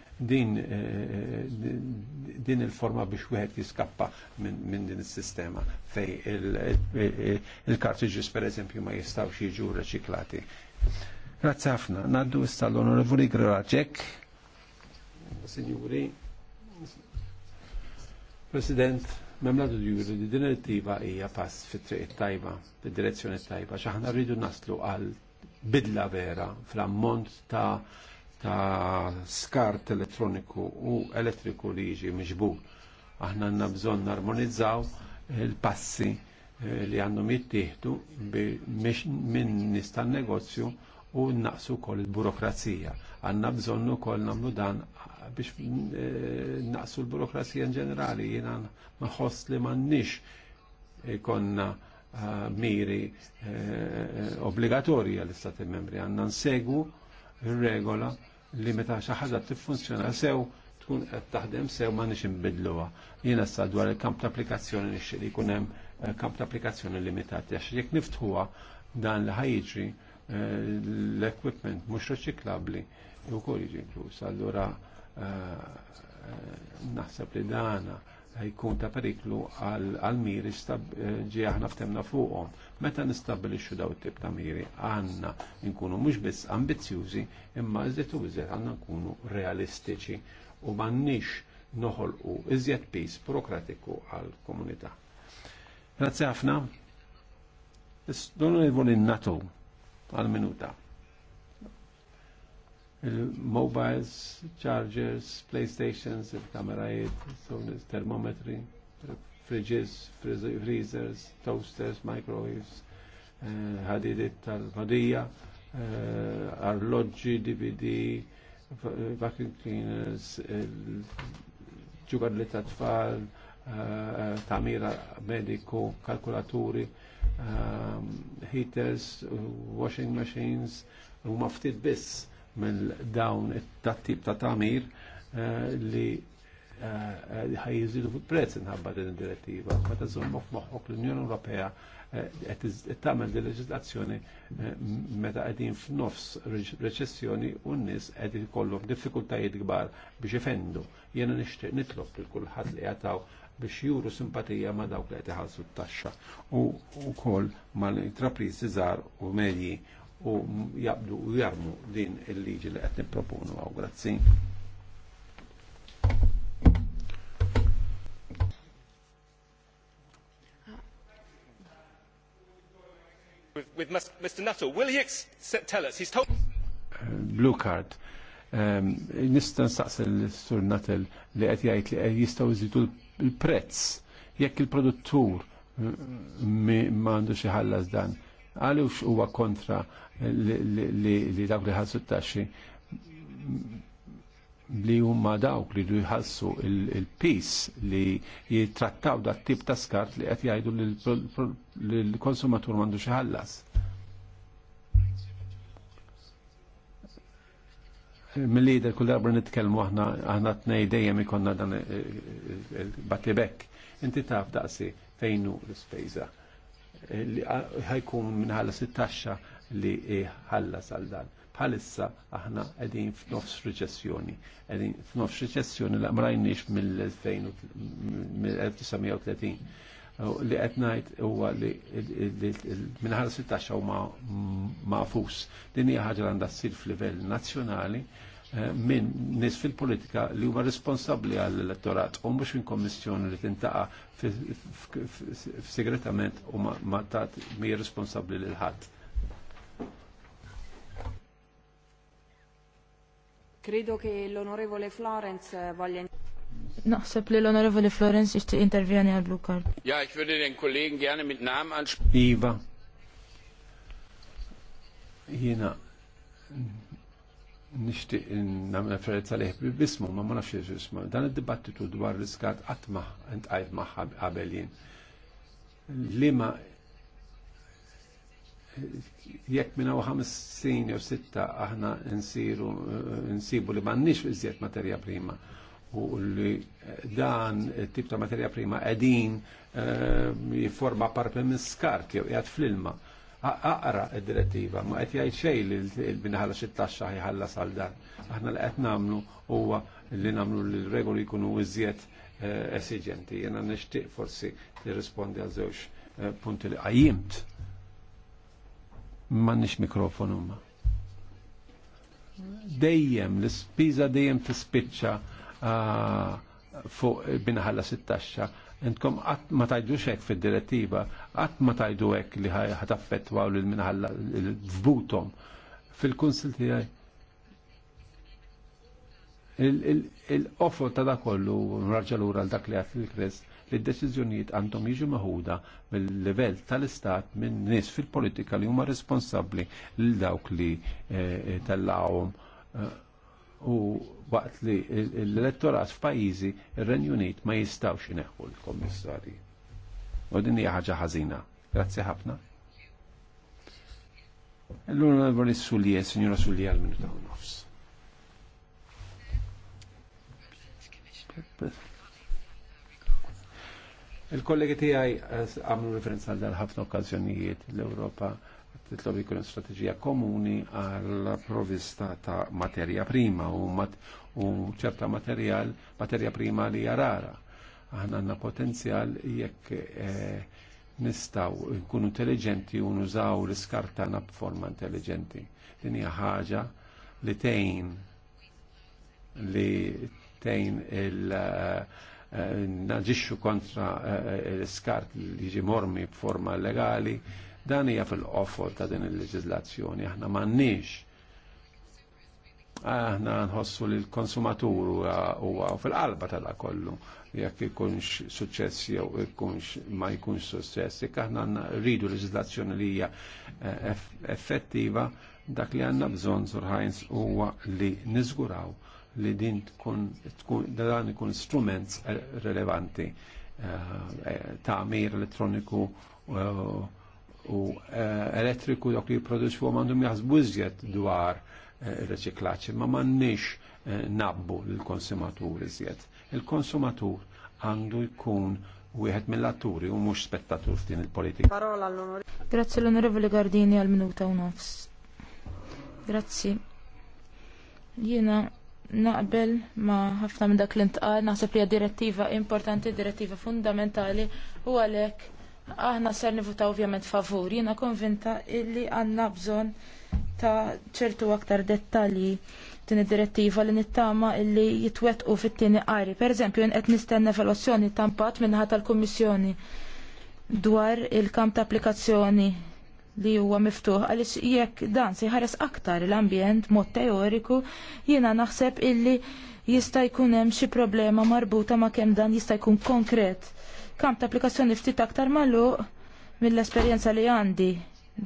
din il-forma biex wieħed jiskappa minn din is-sistema fej eh, il-cartridges pereżempju ma jistgħux jiġu riċiklati. Grazzi ħafna. Naddu issa l-Onorevoli Grazie. Signori, President, memla juri li din direttiva hija pass fit-triq tajba, fid-direzzjoni tajba, x'aħna rridu naslu għal bidla vera fl-ammont ta' ta' skart elettroniku u elettriku li jiġi miġbur. Aħna għandna bżonn narmonizzaw il-passi eh, li għandhom jittieħdu minn nista' negozju u naqsu kol il-burokrazija. Għanna bżonnu kol namlu dan biex eh, naqsu l in ġenerali jiena maħoss li m'għandniex konna eh, miri eh, obbligatorja l-istati membri għanna nsegu regola li meta xi ħaġa tiffunzjona sew tkun qed taħdem sew ma nix inbidluha. Jiena sa dwar il-kamp ta' applikazzjoni nixtieq li jkun hemm kamp ta' applikazzjoni limitati għax jekk niftħuha dan li ħajġri l-equipment mhux reċiklabbli u kol jiġi inkluż. Allura Eh, naħseb li dana jkun ta' periklu għal miri ġi aħna ftemna fuqhom. Meta nistabilixxu daw it-tip ta' miri għandna nkunu mhux biss ambizzjużi imma iżjed u iżjed għandna nkunu realistiċi u m'għandniex noħolqu iżjed pis burokratiku għal komunità. Grazzi ħafna. Donu il-volin NATO għal minuta il-mobiles, chargers, playstations, il-kamerajiet, termometri, fridges, freezers, toasters, microwaves, eh, ħadidit tal-ħadija, eh, arloġġi, DVD, vacuum cleaners, ġugar li tfal, eh, tamira mediku, kalkulaturi, heaters, washing machines, u maftit biss mill-dawn it-tattib ta' tamir eh, li eh, eh, ħaj jizidu fil-prezz inħabba din id-direttiva. Meta żommu f'moħħok l-Unjoni Ewropea qed tagħmel din leġislazzjoni meta qegħdin f'nofs reċessjoni u n-nies qed ikollhom diffikultajiet kbar biex ifendu. Jiena nixtieq nitlob lil kulħadd li jataw biex juru simpatija ma dawk li qed iħallsu t-taxxa u wkoll mal-intrapriżi żgħar u medji u jabdu u jarmu din il-liġi li qed nipproponu għaw grazzi. With, with Mr. Nuttall, will he tell us? He's told. Uh, blue card. Um, Nistan saqsel l-Sur Nuttall li qed jgħid li jistgħu jżidu l-prezz jekk il-produttur uh, ma għandu xi ħallas dan għalux huwa kontra li dawk li ħassu t-taxxi li huma dawk li du jħassu il-pis li jitrattaw dat tip ta' skart li qed jgħidu li l-konsumatur m'għandu ħallas. Mill-lider kull darba nitkellmu aħna aħna tnej dejjem ikonna dan eh, eh, eh, battibek. Inti taf daqsi fejnu l spejza li ħajkun minħalla sit li e, ħalla għal dan. Bħalissa aħna qegħdin f'nofs riċessjoni. Għedin f'nofs riċessjoni li mrajniex mill-1930 li qed ngħid huwa li minħalla sit u huma mafus. Din hija ħaġa għandha ssir f'livell nazzjonali Eh, minn nis fil-politika li huma responsabli għall-elettorat u mhux minn kommissjoni li tintaqa segretament u ma tat mi responsabbli lil ħadd. Credo che l'onorevole Florence voglia No, li l-Onorevoli Florence ist interviene a Luca. Ja, ich würde den Kollegen gerne mit Namen ansprechen. Iva. Jena nishtiq namna referenza liħ bismu, ma ma nafx bismu. Dan id-dibattitu dwar riskat għatma intqajt maħħa qabelin. Lima jekk minna u ħamsin jew sitta aħna nsiru nsibu li m'għandniex iżjed materja prima u li dan tip ta' materja prima qegħdin eh, jifforma parpe minn skart jew qiegħed fl-ilma aqra id-direttiva, ma qed jgħid xejn li l binħala xi taxxa ħiħallas għal dan. Aħna li qed nagħmlu huwa li nagħmlu li l-regoli jkunu iżjed eh, esiġenti. Jena nixtieq forsi tirrispondi għal żewġ eh, punti li qajjimt. M'għandniex mikrofon huma. Dejjem l-ispiża dejjem tispiċċa ah, fuq binħala sit-taxxa Intkom qatt ma tajdux hekk fid-direttiva, qatt ma tajdu hekk li ħataffettwaw lil minħalla l-vbutom fil-kunsil tiegħi. Il-offol ta' da kollu raġalura l dak li għat il-kres li d deċizjoniet għandhom jiġu maħuda mill-level tal-istat minn nis fil-politika li huma responsabli l dawk li eh, eh, tellawhom eh, u waqt li l-elettorat f'pajjiżi ir-Renju Unit ma jistawx ineħħu l-kommissarji. U din hija ħaġa ħażina. Grazzi ħafna. Allura nagħmlu lis-Sulje, Sinjura Sulje għal minuta u nofs. Il-kollegi tiegħi għamlu referenza għal ħafna okkażjonijiet l-Ewropa titlob jkun strateġija komuni għal provista ta' materja prima u, mat, u ċerta materjal, materja prima li jarara. Aħna għandna potenzjal jekk nistgħu eh, nistaw nkunu intelligenti u nużaw l-iskartana b'forma intelligenti. Din hija ħaġa li tejn li tejn il- uh, naġixxu kontra eh, l-iskart li jiġi mormi b'forma legali Dan hija fil-qofol ta' din il leġislazzjoni aħna m'għandniex aħna nħossu li l-konsumatur huwa fil-qalba tal kollu jekk ikunx suċċess jew ikunx ma jkunx suċċess, jekk aħna rridu leġislazzjoni li hija eh, effettiva dak li għandna bżonn surħajns huwa li niżguraw li din tkun dan ikun strument eh, relevanti eh, ta' mir elettroniku u eh, elettriku dok li għom għandhom jaħsbu iżjed dwar eh, reċiklaċi, ma m'għandniex eh, nabbu l-konsumatur iżjed. Il-konsumatur għandu jkun wieħed mill-atturi u mhux spettatur f'din il-politika. Parola l-onorevoli. Grazzi l-onorevoli Gardini għal minuta u nofs. Grazzi. Jiena naqbel ma ħafna minn dak li ntqal naħseb li direttiva importanti, direttiva fundamentali u għalek. Aħna ser nivutaw ovvjament favur, jiena konvinta illi għandna bżonn ta' ċertu aktar dettalji din id-direttiva li nittama illi jitwetqu fit-tieni qari. Per eżempju, qed nistenna evalwazzjoni tampat minnaħa tal-Kummissjoni dwar il-kamp ta' applikazzjoni li huwa miftuħ għaliex jekk dan se jħares aktar l-ambjent mod teoriku jiena naħseb illi jista' jkun hemm xi problema marbuta ma' kemm dan jista' jkun konkret kamp ta' applikazzjoni ftit aktar magħluq mill-esperjenza li għandi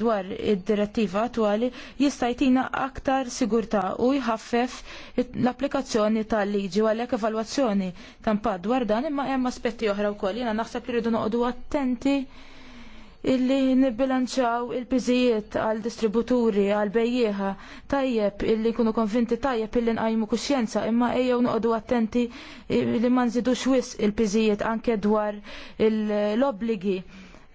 dwar id-direttiva attuali jista' jtina aktar sigurtà u jħaffef l-applikazzjoni tal-liġi u għalhekk evalwazzjoni ta' dwar dan imma hemm aspetti oħra wkoll jiena naħseb li rridu noqogħdu attenti illi nibbilanċaw il-biżijiet għal distributuri għal bejjieħa tajjeb illi kunu konvinti tajjeb illi nqajmu kuxjenza imma ejjew noqogħdu attenti li ma nżidux wis il-biżijiet anke dwar l-obligi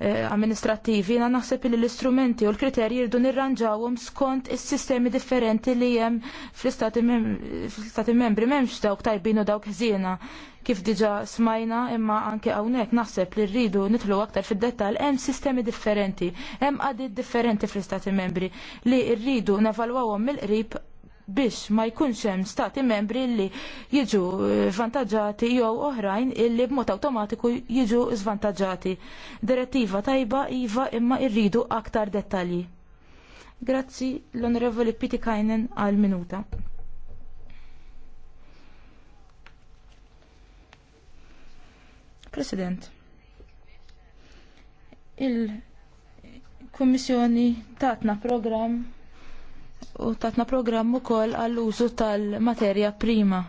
Eh, amministrativi, na naħseb li l-istrumenti u l-kriterji rridu nirranġawhom skont is-sistemi differenti li hemm fl-istati fl membri m'hemmx dawk tajbin u dawk ħżiena. Kif diġa smajna imma anke hawnhekk naħseb li rridu nitlu aktar fid-dettall hemm sistemi differenti, hemm għadiet differenti fl-istati membri li rridu nevalwawhom mill-qrib biex ma jkunx hemm stati membri li jiġu vantaġġati jew oħrajn illi b'mod awtomatiku jiġu żvantaġġati. Direttiva tajba iva imma rridu aktar dettalji. Grazzi l-Onorevoli Piti Kajnen għal minuta. President, il-Kommissjoni tatna program? u tatna programm ukoll għall-użu tal-materja prima.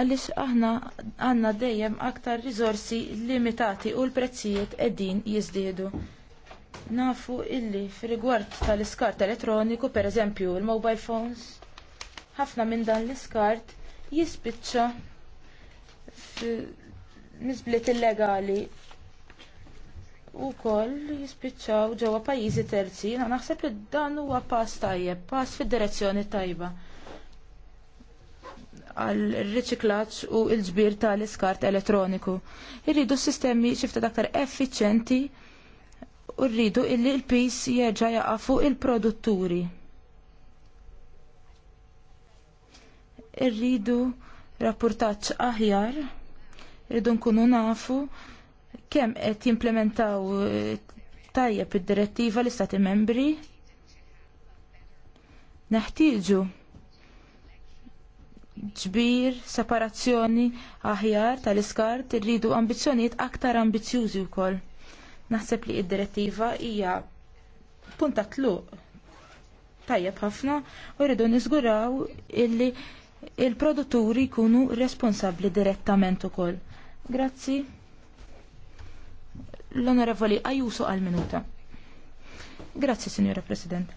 Għaliex aħna għandna dejjem aktar rizorsi limitati u l-prezzijiet qegħdin jiżdiedu. Nafu illi fir-rigward tal-iskart elettroniku, pereżempju l mobile phones, ħafna minn dan l-iskart jispiċċa nisbliet illegali u koll jispiċċaw ġewwa pajjiżi terzi. Na naħseb li dan huwa pass tajjeb, pass fid-direzzjoni tajba għal riċiklaġġ u l-ġbir tal-iskart elettroniku. Irridu s-sistemi xifta aktar effiċenti u rridu illi l-pis jerġa' jaqa' fuq il-produtturi. Irridu rapportaġġ aħjar, irridu nkunu nafu kemm qed jimplementaw eh, tajjeb id-direttiva l-istati membri neħtieġu ġbir, separazzjoni aħjar tal-iskart irridu ambizzjonijiet aktar ambizzjużi wkoll. Naħseb li id-direttiva hija punta tluq tajjeb ħafna u rridu niżguraw illi il-produtturi jkunu responsabbli direttament ukoll. Grazzi l-Onorevoli Ajuso għal minuta. Grazzi, Signora President.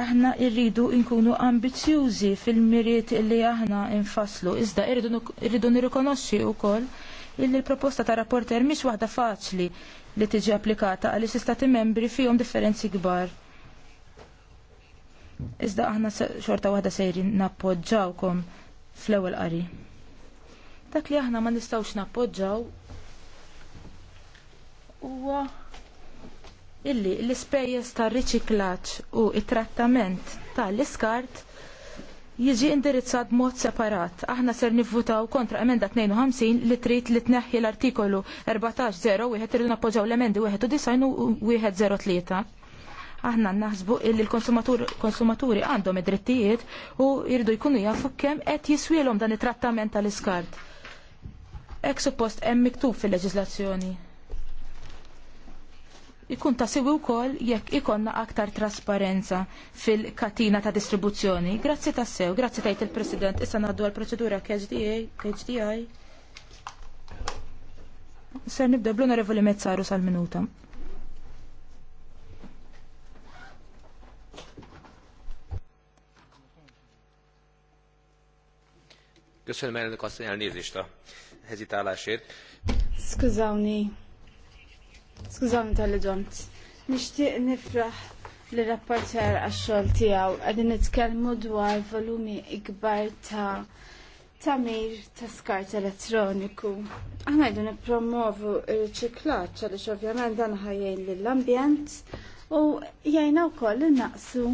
Aħna irridu nkunu ambizjużi fil-miriet li aħna infaslu, iżda irridu nirrikonoxxi wkoll illi l-proposta ta' rapporter mhix waħda faċli li tiġi applikata għaliex istati membri fihom differenzi kbar. Iżda aħna xorta waħda sejri nappoġġawkom fl-ewwel qari. Dak li aħna ma nistgħux nappoġġaw huwa illi l-ispejjeż tar-riċiklaġġ u t trattament tal-iskart jiġi indirizzat b'mod separat. Aħna ser nivvutaw kontra emenda 52 li trid li tneħħi l-artikolu 14.01 irid nappoġġaw l-emendi 1 u 103. Aħna naħsbu li l-konsumaturi għandhom id-drittijiet u jridu jkunu jafu kemm qed jiswielhom dan it-trattament tal-iskart. Ek suppost hemm miktub fil-leġiżlazzjoni ikun ta' sewi wkoll jekk ikonna aktar trasparenza fil-katina ta' distribuzzjoni. Grazzi ta' sew, grazzi tajt il-President, issa naddu għal procedura KHDI. Ser nibda bluna revoli Mezzaru sal-minuta. Köszönöm elnök asszony elnézést a hezitálásért. Skużawni, Skużawni tal-li Nishtiq nifraħ li rapporter għax-xogħol tiegħu qegħdin nitkellmu dwar volumi ikbar ta' tamir ta' skart elettroniku. Aħna qegħdin nippromovu r-riċiklaġġ għaliex ovvjament dan ħajjin lill-ambjent u jgħinna wkoll innaqsu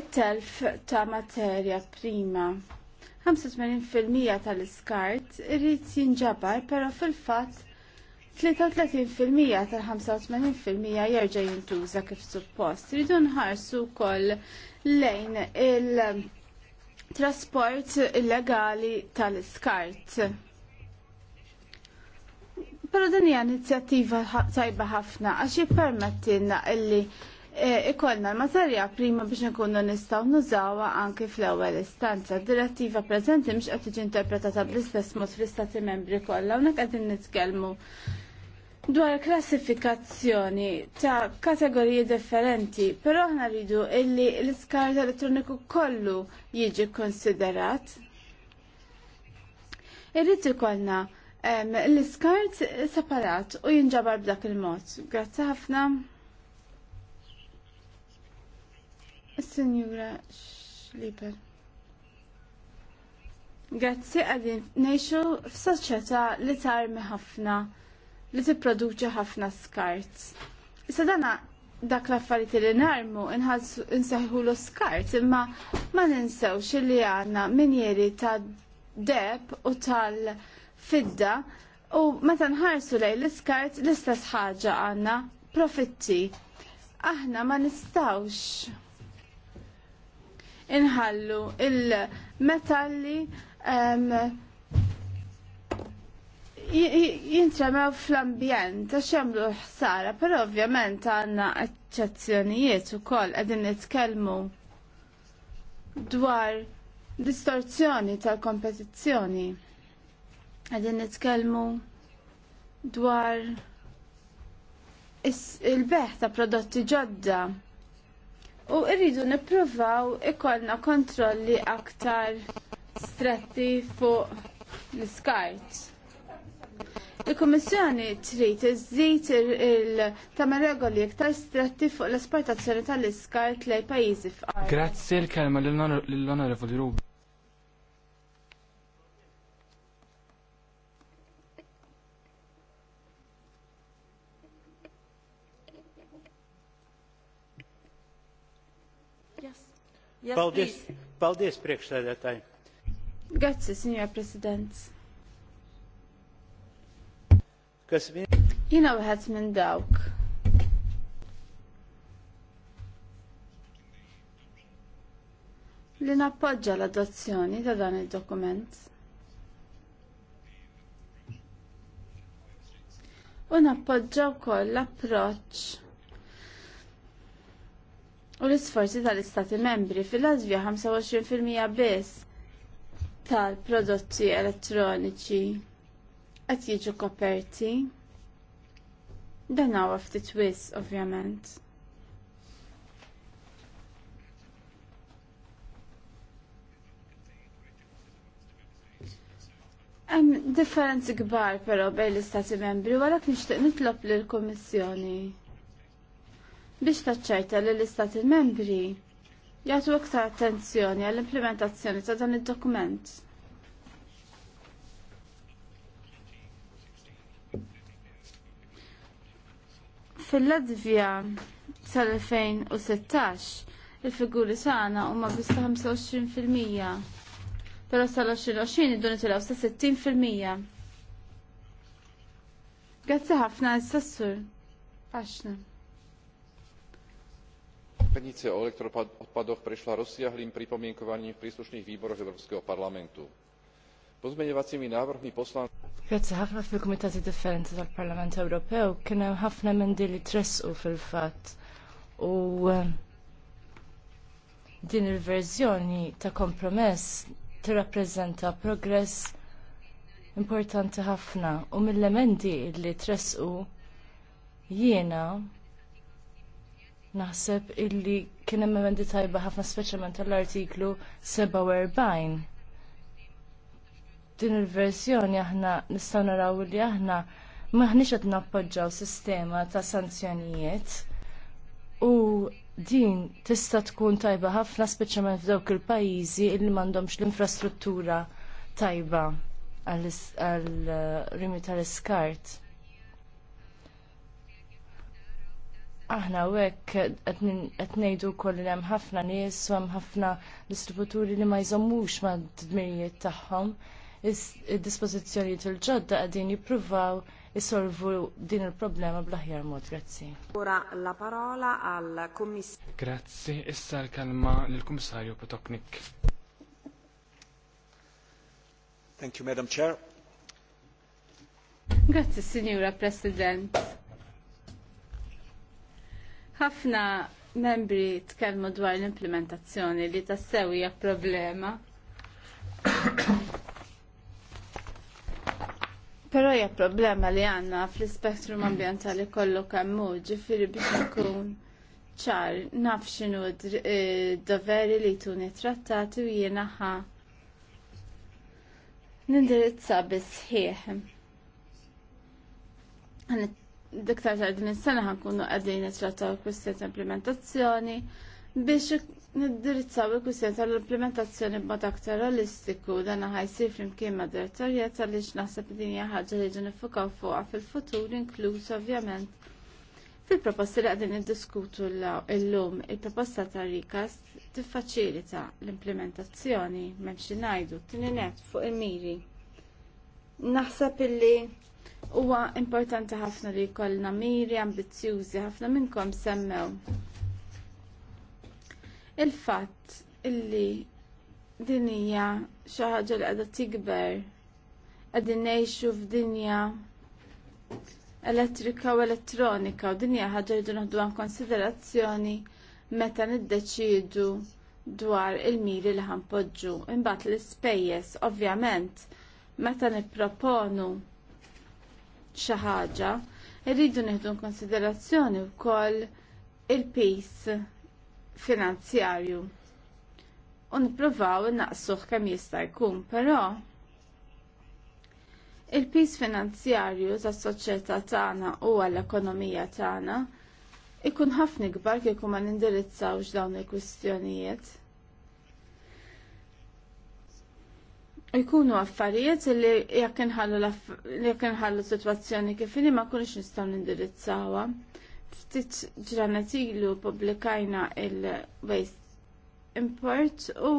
it-telf ta' materja prima. 85% tal-iskart irrid jinġabar però fil-fatt 33% tal-85% jerġa' jintuża kif suppost. Ridu nħarsu wkoll lejn il-trasport illegali tal-iskart. Però din hija inizjattiva tajba ħafna għax jippermettilna illi e, ikollna l-materja prima biex nkunu nistgħu nużawha anke fl-ewwel istanza. Direttiva preżenti mhux qed tiġi interpretata bl-istess mod fl-istati membri kollha hawnhekk qegħdin nitkellmu dwar klassifikazzjoni ta' kategoriji differenti, però aħna rridu illi l-iskart elettroniku kollu jiġi konsiderat. Irrid ikollna l-iskart separat u jinġabar b'dak il-mod. Grazzi ħafna. Signora Schliper. Grazzi għadin f f'soċjetà li tarmi ħafna li tipproduċi ħafna skart. Issa dana dak l-affarijiet li narmu nseħħu l skart imma ma ninsewx li għandna minjeri ta' deb u tal-fidda u meta nħarsu lejn l-iskart l-istess ħaġa għandna profitti. Aħna ma nistawx inħallu il-metalli jintremew fl-ambjent, għax jagħmlu ħsara, però ovvjament għandna eċċezzjonijiet ukoll qegħdin nitkellmu dwar distorzjoni tal-kompetizzjoni. Qegħdin nitkellmu dwar il-beħ ta' prodotti ġodda. U irridu nippruvaw ikollna kontrolli aktar stretti fuq l-skart. Il-Kommissjoni trid iżżid il tama regoli iktar stretti fuq l-esportazzjoni tal-iskart lejn pajjiżi f'qar. Grazzi l-kelma lill-Onorevoli Rub. Paldies, paldies priekšsēdētāji. Gatsi, signor President. Jina wieħed minn dawk. Li nappoġġa l-adozzjoni ta' dan id-dokument. u nappoġġa wkoll l-approċċ u l-isforzi tal-Istati membri fil-Lazvja 25% biss tal-prodotti elettroniċi qed jiġu koperti. Dan huwa ftit wis, ovvjament. Hemm differenzi kbar però bejn l-Istati Membri wara nixtieq nitlob lill-Kummissjoni biex taċċerta li l-Istati Membri jagħtu iktar attenzjoni għall-implementazzjoni ta' dan id-dokument. Fil-Latvija sal-2016 il-figuri sana huma bista 25%. Pero sal-2020 id-dun itilgħu sa 60%. Grazzi ħafna s-sassur. Paxna. Smernice o elektroodpadoch prešla Rosia hlim pripomienkovaním v príslušných výboroch Európskeho parlamentu pozmeňovacími Grazzi ħafna fil-Kumitati Differenti tal-Parlament Ewropew kien hemm ħafna emendi li tressu fil fat u ehm, din il-verżjoni ta' kompromess tirrappreżenta progress importanti ħafna u mill-emendi li tressqu jiena naħseb illi kien hemm emendi tajba ħafna speċjalment tal-artiklu 47 din il-versjoni aħna nistgħu naraw li aħna maħniex qed nappoġġaw sistema ta' sanzjonijiet u din tista' tkun tajba ħafna speċjalment f'dawk il-pajjiżi li m'għandhomx l-infrastruttura tajba għal-rimi uh, tal-iskart. aħna hekk qed ngħidu wkoll li hemm ħafna nies u hemm ħafna distributuri li ma jżommux mad dmirijiet tagħhom il dispożizzjonijiet tal ġodda qegħdin jippruvaw isolvu din il-problema bl-aħjar mod. Grazzi. Ora la parola al kummissarju. Grazzi, issa l-kalma lill-Kummissarju Potoknik. Thank you, Madam Chair. Grazzi, Signora President. Ħafna membri tkellmu dwar l-implementazzjoni li tassewija problema. Però hija problema li għandna fl-ispektrum ambjentali kollu kemm hu, ġifieri biex nkun ċar naf d e, doveri li tuni trattati u jiena ħa nindirizza bisħieħ. Diktar ta' din is-sena ħankunu qegħdin nittrattaw kwistjoni implementazzjoni biex Niddirizzaw il-kwistjoni tal-implementazzjoni b'mod aktar realistiku dan ħajsir flimkien ma' direttorjat għaliex naħseb li din hija ħaġa li ġenifukaw fuqha fil-futur inkluż ovvjament fil-proposti li qegħdin niddiskutu llum il-proposta ta' rikas tiffaċilita l-implementazzjoni m'hemm xi ngħidu tieni net fuq il-miri. Naħseb illi huwa importanti ħafna li jkollna miri ambizzjużi ħafna minnkom semmew il-fatt illi din hija xi ħaġa li qiegħda tikber qegħdin ngħixu f'dinja elettrika u elettronika u din hija ħaġa li naħduha konsiderazzjoni meta niddeċiedu dwar il-miri li ħanpoġġu. Imbagħad l-ispejjeż ovvjament meta nipproponu xi ħaġa irridu nieħdu konsiderazzjoni wkoll il-peace finanzjarju u nippruvaw naqsuh kemm jista' jkun, però il-pis finanzjarju tas-soċjetà tagħna u għall-ekonomija tagħna ikun ħafna kbar kif ma nindirizzawx dawn il-kwistjonijiet. Ikunu affarijiet li jekk inħallu situazzjoni kif ma kunux nistgħu nindirizzawha ftit ġranet ilu publikajna il-waste import u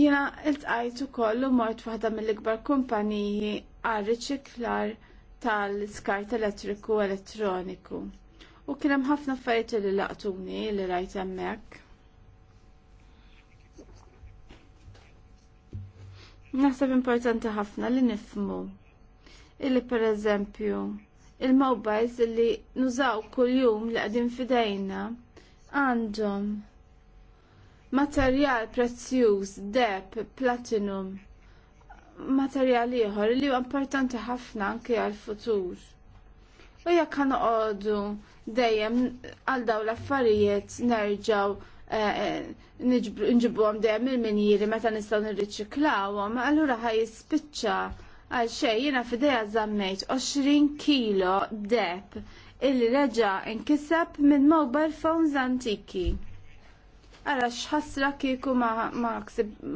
jena il-tqajt u kollu mort waħda mill-ikbar kumpaniji għal riċiklar tal-skart elettriku elettroniku. U kienem ħafna affarijiet li laqtuni li rajt hemmhekk. Naħseb importanti ħafna li nifmu illi per eżempju il-mobiles li nużaw kull-jum li għadin fidejna għandhom materjal prezzjuż, deb, platinum, materjal ieħor li huwa importanti ħafna anke għal-futur. U jekk ħanoqogħdu dejjem għal dawn l-affarijiet nerġgħu eh, eh, nġibu dejjem il-minjiri meta nistgħu nirriċiklawhom, allura ħaj jispiċċa għal xej jiena fideja żammejt 20 kilo deb illi reġa inkisab minn mobile phones antiki. Għara xħasra kieku ma, ma,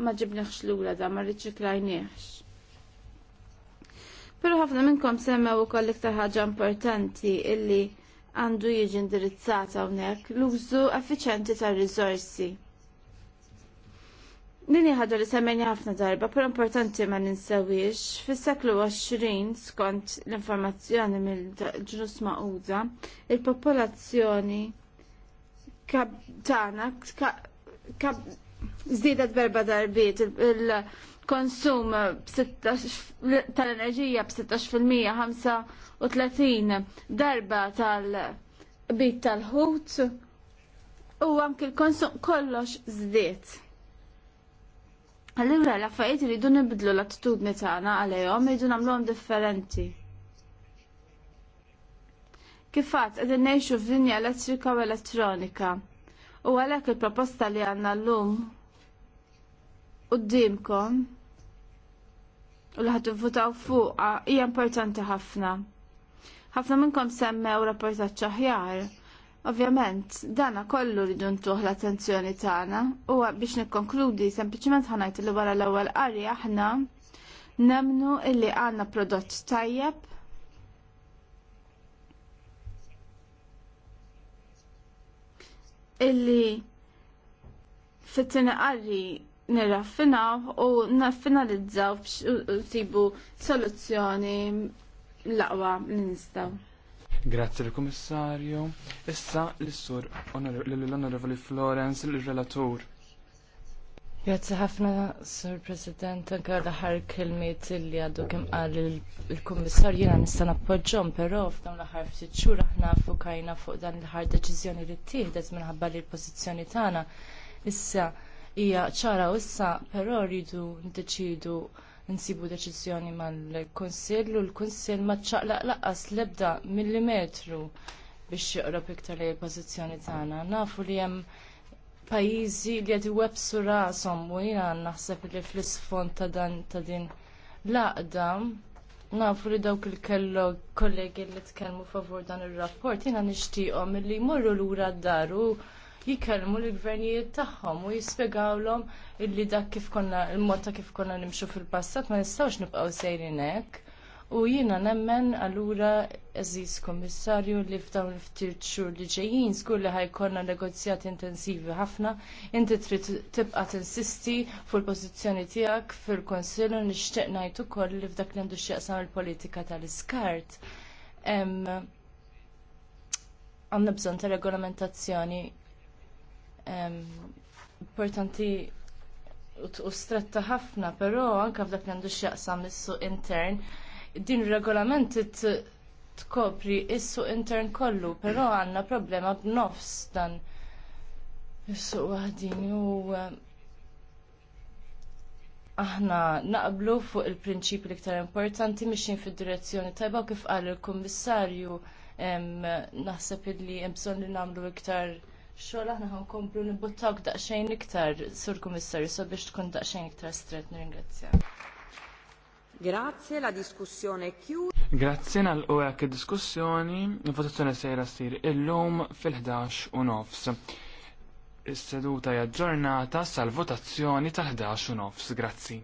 ma ġibniħx l da, ma riċiklajnieħx. Pero ħafna minnkom semmew ukoll iktar ħaġa importanti illi għandu jiġi indirizzata hawnhekk l-użu effiċenti tar rizorsi Nini ħadu li semmejni ħafna darba, per importanti ma ninsawiex, fis-seklu 20 skont l-informazzjoni mill-ġnus maquda, il-popolazzjoni tagħna żdiedet berba darbiet, il-konsum tal-enerġija b-16% 35 darba tal-bit tal-ħut u anke il-konsum kollox żdied Allura l-affarijiet iridu nibdlu l-attitudni tagħna għalihom iridu nagħmluhom differenti. Kif Kifat qegħdin ngħixu f'dinja elettrika u elettronika. U għalhekk il-proposta li għandna llum qudiemkom u li ħativvutaw fuqha hija importanti ħafna. Ħafna minnkom semmew rapportat aħjar Ovvjament, dana kollu rridu ntuħ l-attenzjoni tagħna u biex nikkonkludi sempliċement ħanajt li wara l-ewwel qari aħna nemnu illi għandna prodott tajjeb illi fit-tieni qari nirraffinaw u naffinalizzaw biex tibu soluzzjoni l-aqwa li nistgħu. Grazie e l commissario. Issa l-Sur l Florence, il relator. Grazie ħafna, Sur President, anka l-ħar kelmiet li għaddu kem għal il-Kommissar jena nista nappoġġom, pero f'dawn l-ħar ftit xhur aħna fukajna fuq dan l-ħar deċiżjoni li ttieħdet minħabba li l-pożizzjoni tagħna issa hija ċara u issa però rridu ndeċidu nsibu deċiżjoni mal-Kunsill u l-Kunsill ma ċaqlaq laqqas l-ebda millimetru biex joqrob iktar li il pożizzjoni tagħna. Nafu li hemm pajjiżi li qed iwebsu rashom u jiena naħseb li fl-isfond ta' dan ta' din laqda nafu li dawk il kellu kollegi li tkellmu favur dan ir rapport jiena nixtieqhom li jmorru lura d-daru jikellmu l-gvernijiet tagħhom u jispjegawlhom illi dak kif konna l mod ta' kif konna nimxu fil-passat ma nistgħux nibqgħu sejrin hekk. U jiena nemmen allura eżis kommissarju li f'dawn il-ftit xhur li ġejjin żgur li ħajkonna negozjati intensivi ħafna, inti trid tibqa' tinsisti fuq il-pożizzjoni tiegħek fil-Kunsill u nixtieq ngħid ukoll li f'dak li għandu x'jaqsam il-politika tal-iskart għandna bżonn ta' regolamentazzjoni importanti u stretta ħafna, però anke f'dak li għandu x'jaqsam is-suq intern, din ir-regolament tkopri is-suq intern kollu, però għandna problema b'nofs dan is-suq waħdin u aħna naqblu fuq il-prinċipi l-iktar importanti mixin fid-direzzjoni tajba u kif qal il-Kummissarju naħseb li hemm bżonn li nagħmlu iktar xogħol aħna komplu nibbuttawk daqsxejn iktar, Sur Kummissarju, so biex tkun daqsxejn iktar stret nirringrazzja. Grazie, la diskussjoni è chiusa. Grazie għal u għak diskussjoni, votazzjoni sejra sir illum fil-11 u nofs. Is-seduta jaġġornata sal-votazzjoni tal-11 u nofs. Grazzi.